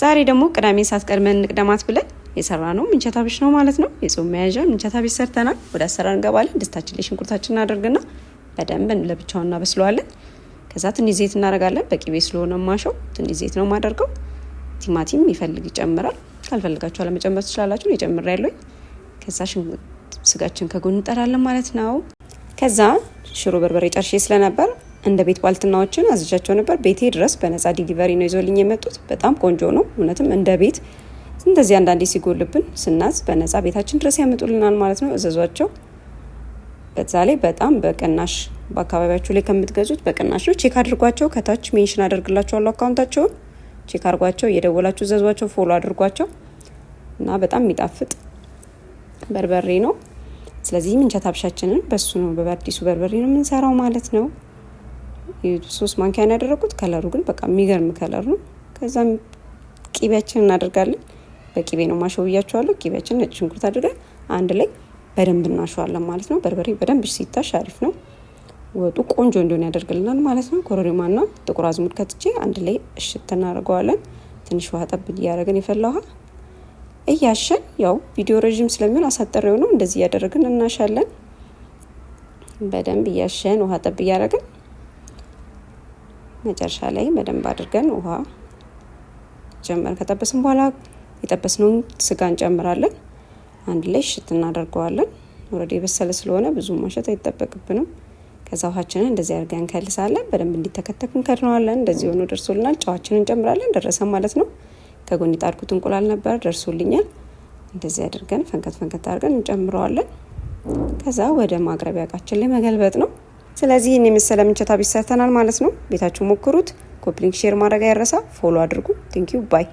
ዛሬ ደግሞ ቅዳሜ ሰዓት ቀድመን እንቅደማት ብለን የሰራ ነው ምንቸታ ቢሽ ነው ማለት ነው። የጾም መያዣ ምንቸታ ቢሽ ሰርተናል። ወደ አሰራር እንገባለን። ድስታችን ላይ ሽንኩርታችን እናደርግና በደንብ ለብቻው እናበስለዋለን። ከዛ ትንሽ ዘይት እናደርጋለን። በቂቤ ስለሆነ ማሸው ትንሽ ዘይት ነው ማደርገው። ቲማቲም ይፈልግ ይጨምራል። ካልፈልጋችሁ አለመጨመር ትችላላችሁ። የጨምር ያለኝ ከዛ ስጋችን ከጎን እንጠራለን ማለት ነው። ከዛ ሽሮ በርበሬ ጨርሼ ስለነበር እንደ ቤት ባልትናዎችን አዝዣቸው ነበር። ቤቴ ድረስ በነጻ ዲሊቨሪ ነው ይዞልኝ የመጡት። በጣም ቆንጆ ነው እውነትም እንደ ቤት። እንደዚህ አንዳንዴ ሲጎልብን ስናዝ በነጻ ቤታችን ድረስ ያመጡልናል ማለት ነው። እዘዟቸው። በዛ ላይ በጣም በቅናሽ በአካባቢያችሁ ላይ ከምትገዙት በቅናሽ ነው። ቼክ አድርጓቸው። ከታች ሜንሽን አደርግላችኋለሁ አካውንታቸውን። ቼክ አድርጓቸው፣ እየደወላችሁ ዘዟቸው፣ ፎሎ አድርጓቸው እና በጣም የሚጣፍጥ በርበሬ ነው። ስለዚህ ምንቸት አብሻችንን በሱ ነው በአዲሱ በርበሬ ነው የምንሰራው ማለት ነው። ሶስት ማንኪያን ያደረጉት ከለሩ ግን በቃ የሚገርም ከለር ነው። ከዛም ቂቤያችን እናደርጋለን። በቂቤ ነው ማሸው ብያቸዋለሁ። ቂቤያችን ነጭ ሽንኩርት አድርገን አንድ ላይ በደንብ እናሸዋለን ማለት ነው። በርበሬ በደንብ ሲታሽ አሪፍ ነው። ወጡ ቆንጆ እንዲሆን ያደርግልናል ማለት ነው። ኮረሪማና ጥቁር አዝሙድ ከትቼ አንድ ላይ እሽት እናደርገዋለን። ትንሽ ውሃ ጠብ እያደረግን የፈላ ውሃ እያሸን ያው ቪዲዮ ረዥም ስለሚሆን አሳጠሬው ነው። እንደዚህ እያደረግን እናሻለን። በደንብ እያሸን ውሃ ጠብ እያደረግን መጨረሻ ላይ በደንብ አድርገን ውሃ ጨምረን ከጠበስን በኋላ የጠበስነውን ስጋ እንጨምራለን። አንድ ላይ ሽት እናደርገዋለን። ወረድ የበሰለ ስለሆነ ብዙ ማሸት አይጠበቅብንም። ከዛ ውሃችንን እንደዚህ አድርገን እንከልሳለን። በደንብ እንዲተከተክ እንከድነዋለን። እንደዚህ ሆኖ ደርሶልናል። ጨዋችንን እንጨምራለን። ደረሰ ማለት ነው። ከጎን የጣድኩት እንቁላል ነበር፣ ደርሶልኛል። እንደዚህ አድርገን ፈንከት ፈንከት አድርገን እንጨምረዋለን። ከዛ ወደ ማቅረቢያ እቃችን ላይ መገልበጥ ነው። ስለዚህ ይህን የመሰለ ምንቸት አብስ ሰርተናል ማለት ነው። ቤታችሁ ሞክሩት። ኮፒ ሼር ማድረግ አይረሳ። ፎሎ አድርጉ። ቴንኪዩ ባይ